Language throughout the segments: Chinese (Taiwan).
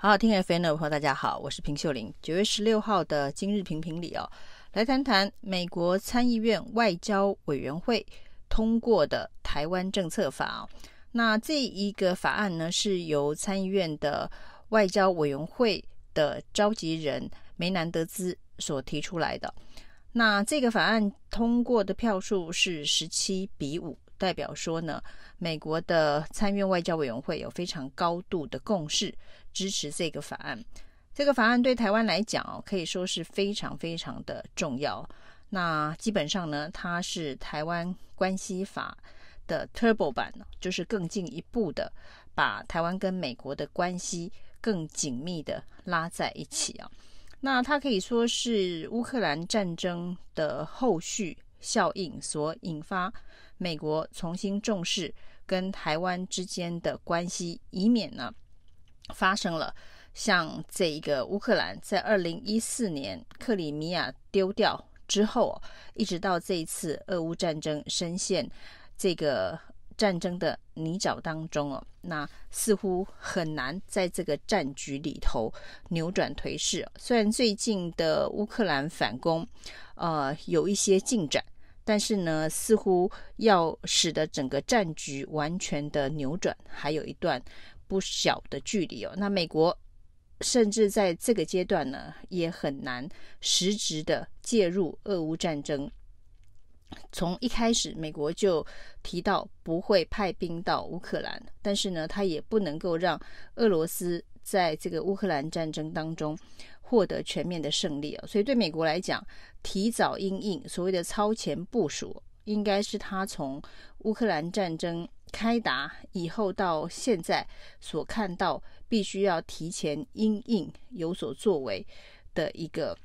好好聽 FM 的朋友大家好，我是平秀琳。九月十六號的今日評評理哦，來談談美國參議院外交委員會通過的《台灣政策法》。那這一個法案呢，是由參議院的外交委員會的召集人梅南德茲所提出來的。那這個法案通過的票數是十七比五。代表說呢，美國的參院外交委員會有非常高度的共識，支持這個法案。這個法案對台灣來講可以說是非常非常的重要。那基本上呢，它是台灣關係法的 Turbo 版，就是更進一步的把台灣跟美國的關係更緊密的拉在一起啊。那它可以說是烏克蘭戰爭的後續。效應所引發，美國重新重視跟台灣之間的關係，以免呢發生了像這一個烏克蘭在二零一四年克里米亞丟掉之後，一直到這一次俄烏戰爭深陷這個戰爭的泥沼當中哦，那似乎很難在這個戰局裡頭扭轉頹勢。雖然最近的烏克蘭反攻，呃，有一些進展，但是呢，似乎要使得整個戰局完全的扭轉，還有一段不小的距離哦。那美國甚至在這個階段呢，也很難實質的介入俄烏戰爭。從一開始，美國就提到不會派兵到烏克蘭，但是呢，他也不能夠讓俄羅斯在這個烏克蘭戰爭當中獲得全面的勝利啊。所以，對美國來講，提早因應，所謂的超前部署，應該是他從烏克蘭戰爭開打以後到現在所看到必須要提前因應有所作為的一個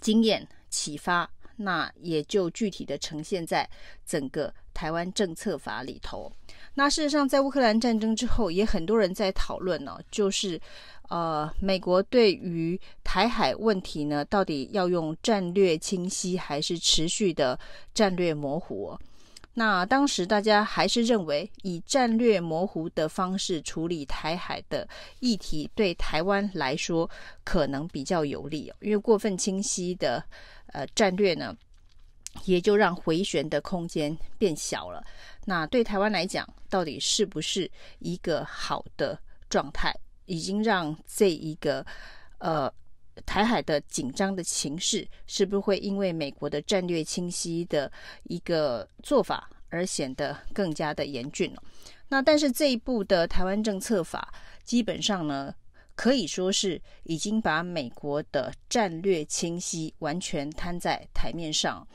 經驗啟發。那也就具體的呈現在整個台灣政策法裡頭。那事實上，在烏克蘭戰爭之後，也很多人在討論呢、哦，就是，呃，美國對於台海問題呢，到底要用戰略清晰，還是持續的戰略模糊？那當時大家還是認為，以戰略模糊的方式處理台海的議題，對台灣來說可能比較有利哦。因為過分清晰的呃戰略呢，也就讓回旋的空間變小了。那對台灣來講，到底是不是一個好的狀態，已經讓這一個呃。台海的緊張的情勢，是不是會因為美國的戰略清晰的一個做法而顯得更加的嚴峻？那但是這一部的台灣政策法，基本上呢，可以說是已經把美國的戰略清晰完全攤在台面上。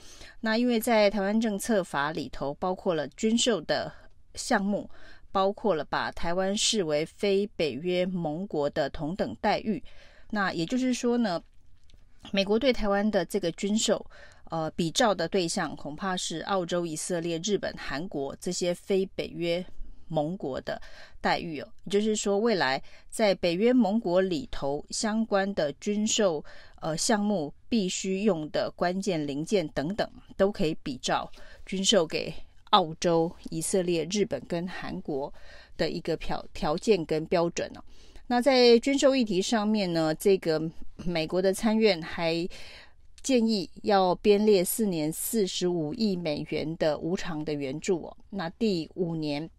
那因為在台灣政策法裡頭，包括了軍售的項目，包括了把台灣視為非北約盟國的同等待遇。那也就是說呢，美國對台灣的這個軍售，呃，比照的對象恐怕是澳洲、以色列、日本、韓國這些非北約盟國的待遇哦。也就是說，未來在北約盟國裡頭相關的軍售，呃，項目必須用的關鍵零件等等，都可以比照軍售給澳洲、以色列、日本跟韓國的一個條條件跟標準呢哦。那在軍售議題上面呢，這個美國的參院還建議要編列四年四十五億美元的無償的援助哦，那第五年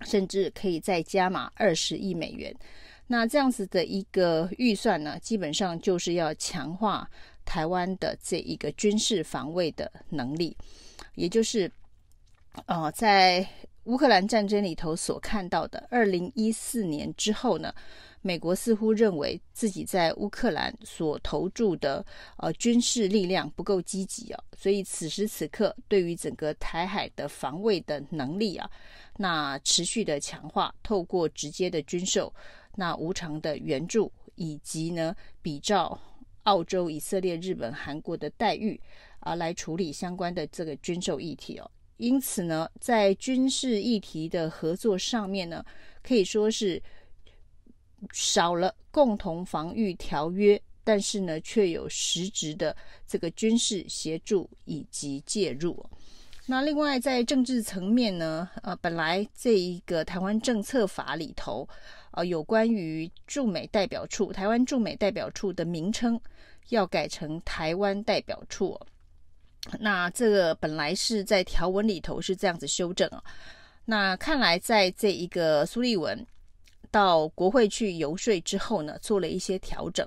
甚至可以再加碼二十億美元。那這樣子的一個預算呢，基本上就是要強化台灣的這一個軍事防衛的能力，也就是，呃，在。烏克蘭戰爭裡頭所看到的，二零一四年之後呢，美國似乎認為自己在烏克蘭所投注的呃軍事力量不夠積極哦，所以此時此刻對於整個台海的防衛的能力啊，那持續的強化，透過直接的軍售，那無償的援助以及呢比照澳洲、以色列、日本、韓國的待遇啊，呃，來處理相關的這個軍售議題哦。因此呢，在軍事議題的合作上面呢，可以說是少了共同防禦條約，但是呢，卻有實質的這個軍事協助以及介入。那另外在政治層面呢，呃，本來這一個台灣政策法裡頭，呃，有關於駐美代表處，台灣駐美代表處的名稱要改成台灣代表處。那這個本來是在條文裡頭是這樣子修正啊，那看來在這一個蘇立文到國會去遊說之後呢，做了一些調整。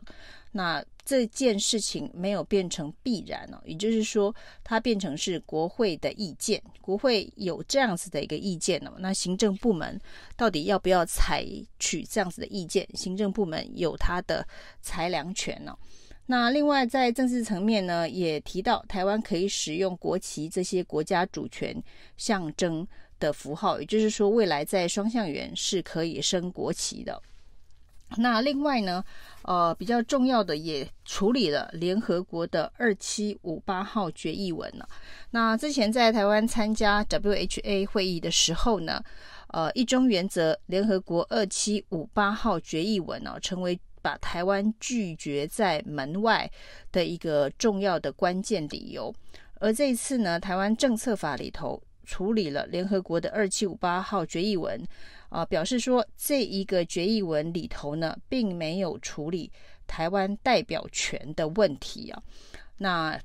那這件事情沒有變成必然了、啊，也就是說，它變成是國會的意見。國會有這樣子的一個意見了、啊，那行政部門到底要不要採取這樣子的意見？行政部門有它的裁量權呢、啊。那另外在政治層面呢，也提到台灣可以使用國旗這些國家主權象徵的符號，也就是說未來在雙橡園是可以升國旗的。那另外呢，呃比較重要的也處理了聯合國的二七五八號決議文了、啊。那之前在台灣參加 WHA 會議的時候呢，呃一中原則、聯合國二七五八號決議文呢、啊，成為。把台灣拒絕在門外的一個重要的關鍵理由，而這一次呢，台灣政策法裡頭處理了聯合國的二七五八號決議文啊、呃，表示說這一個決議文裡頭呢，並沒有處理台灣代表權的問題啊，那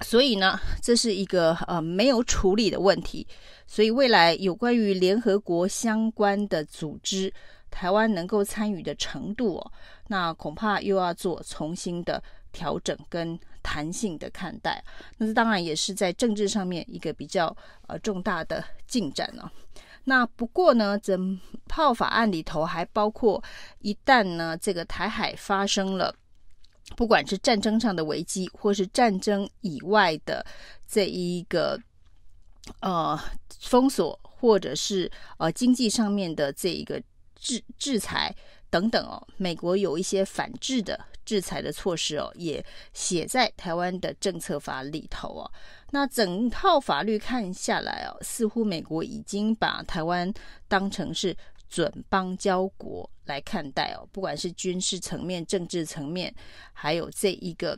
所以呢，這是一個呃沒有處理的問題，所以未來有關於聯合國相關的組織。台灣能夠參與的程度哦，那恐怕又要做重新的調整跟彈性的看待。那這當然也是在政治上面一個比較呃重大的進展了哦。那不過呢，整套法案裡頭還包括，一旦呢這個台海發生了，不管是戰爭上的危機，或是戰爭以外的這一個呃封鎖，或者是呃經濟上面的這一個。制制裁等等哦，美國有一些反制的制裁的措施哦，也寫在臺灣的政策法裡頭哦。那整套法律看下來哦，似乎美國已經把臺灣當成是準邦交國來看待哦，不管是軍事層面、政治層面，還有這一個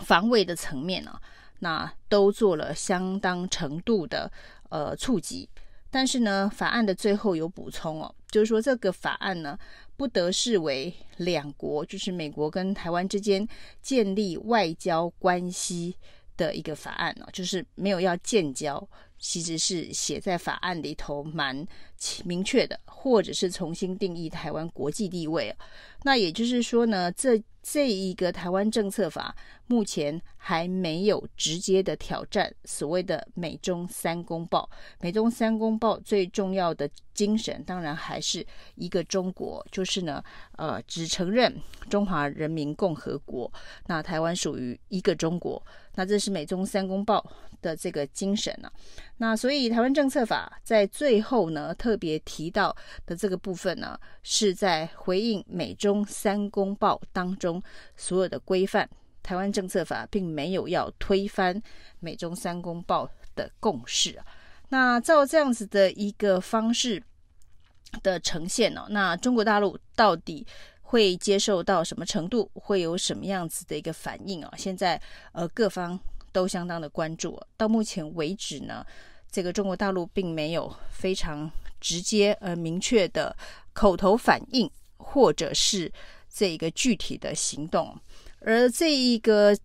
防衛的層面啊、哦，那都做了相當程度的呃觸及。但是呢，法案的最後有補充哦。就是說，這個法案呢，不得視為兩國，就是美國跟台灣之間建立外交關係的一個法案啊，就是沒有要建交，其實是寫在法案裡頭蠻明確的，或者是重新定義台灣國際地位啊。那也就是說呢，這。這一個台灣政策法目前還沒有直接的挑戰所謂的美中三公報。美中三公報最重要的精神，當然還是一個中國，就是呢，呃，只承認中華人民共和國，那台灣屬於一個中國，那這是美中三公報的這個精神呢、啊。那所以台灣政策法在最後呢，特別提到的這個部分呢，是在回應美中三公報當中所有的規範。台灣政策法並沒有要推翻美中三公報的共識啊。那照這樣子的一個方式的呈現呢啊，那中國大陸到底會接受到什麼程度，會有什麼樣子的一個反應啊？現在呃各方都相當的關注。到目前為止呢，這個中國大陸並沒有非常直接而明確的口頭反應，或者是這一個具體的行動。而這一個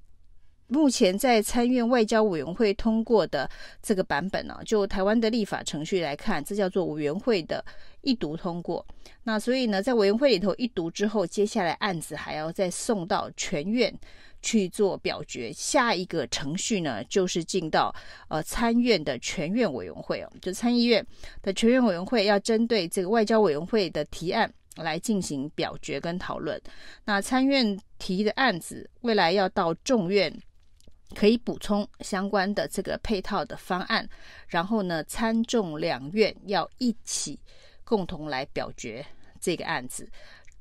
目前在參院外交委員會通過的這個版本呢，啊，就台灣的立法程序來看，這叫做委員會的一讀通過。那所以呢，在委員會裡頭一讀之後，接下來案子還要再送到全院。去做表決，下一個程序呢，就是進到呃參院的全院委員會哦，就參議院的全院委員會要針對這個外交委員會的提案來進行表決跟討論。那參院提的案子，未來要到眾院可以補充相關的這個配套的方案，然後呢，參眾兩院要一起共同來表決這個案子，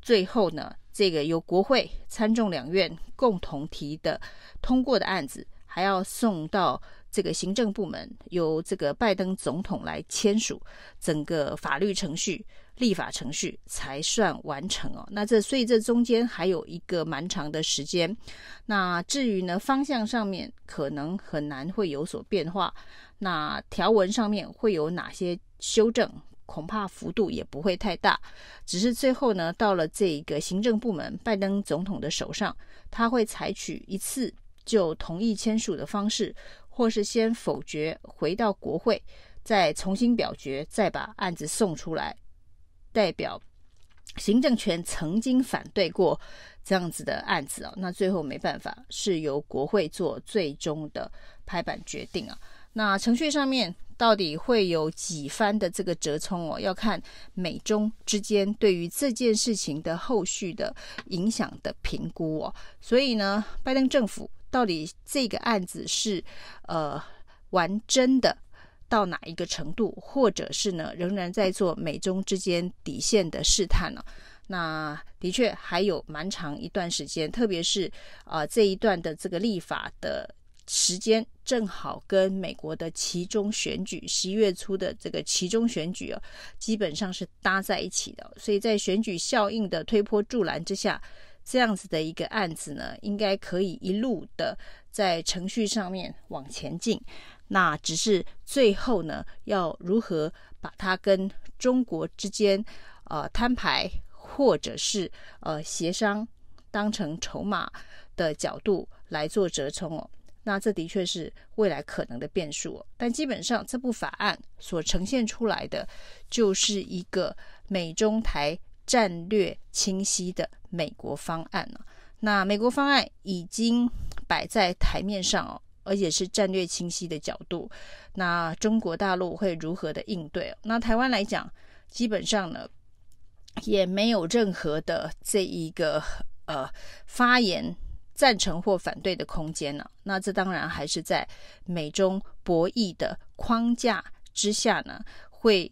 最後呢。這個由國會參眾兩院共同提的通過的案子，還要送到這個行政部門，由這個拜登總統來簽署，整個法律程序、立法程序才算完成哦。那這所以這中間還有一個蠻長的時間。那至於呢，方向上面可能很難會有所變化。那條文上面會有哪些修正？恐怕幅度也不會太大，只是最後呢，到了這個行政部門拜登總統的手上，他會採取一次就同意簽署的方式，或是先否決，回到國會，再重新表決，再把案子送出來。代表行政權曾經反對過這樣子的案子啊，那最後沒辦法，是由國會做最終的拍板決定啊。那程序上面到底會有幾番的這個折衝哦？要看美中之間對於這件事情的後續的影響的評估哦。所以呢，拜登政府到底這個案子是呃玩真的到哪一個程度，或者是呢仍然在做美中之間底線的試探呢、哦？那的確還有蠻長一段時間，特別是啊、呃、這一段的這個立法的。時間正好跟美國的期中選舉，十一月初的這個期中選舉，哦，基本上是搭在一起的。所以在選舉效應的推波助瀾之下，這樣子的一個案子呢，應該可以一路的在程序上面往前進。那只是最後呢，要如何把它跟中國之間，呃，攤牌或者是呃協商，當成籌碼的角度來做折衝哦。那這的確是未來可能的變數哦，但基本上這部法案所呈現出來的就是一個美中台戰略清晰的美國方案。那美國方案已經擺在台面上哦，而且是戰略清晰的角度。那中國大陸會如何的應對？那台灣來講，基本上呢也沒有任何的這一個呃發言。贊成或反對的空間呢、啊。那這當然還是在美中博弈的框架之下呢，會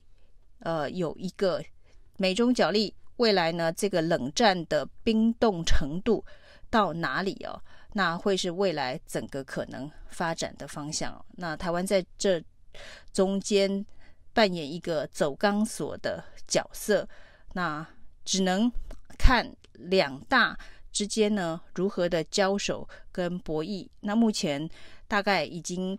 呃有一個美中角力。未來呢，這個冷戰的冰凍程度到哪裡哦？那會是未來整個可能發展的方向。那台灣在這中間扮演一個走鋼索的角色，那只能看兩大，之間呢，如何的交手跟博弈？那目前大概已經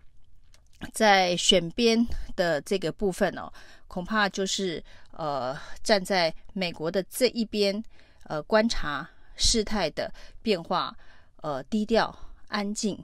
在選邊的這個部分哦，恐怕就是呃站在美國的這一邊，呃觀察事態的變化，呃低調安靜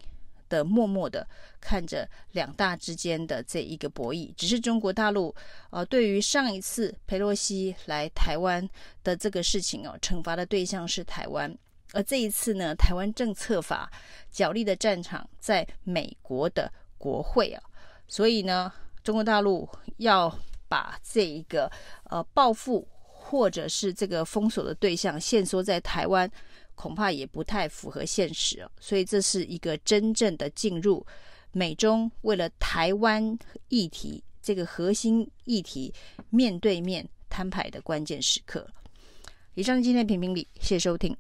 的默默的看着兩大之間的這一個博弈。只是中國大陸呃對於上一次裴洛西來台灣的這個事情哦，懲罰的對象是台灣。而這一次呢，台灣政策法角力的戰場在美國的國會啊，所以呢，中國大陸要把這一個呃報復或者是這個封鎖的對象限縮在台灣，恐怕也不太符合現實哦、啊，所以這是一個真正的進入美中為了台灣議題這個核心議題面對面攤牌的關鍵時刻。以上今天評評理，謝謝收聽。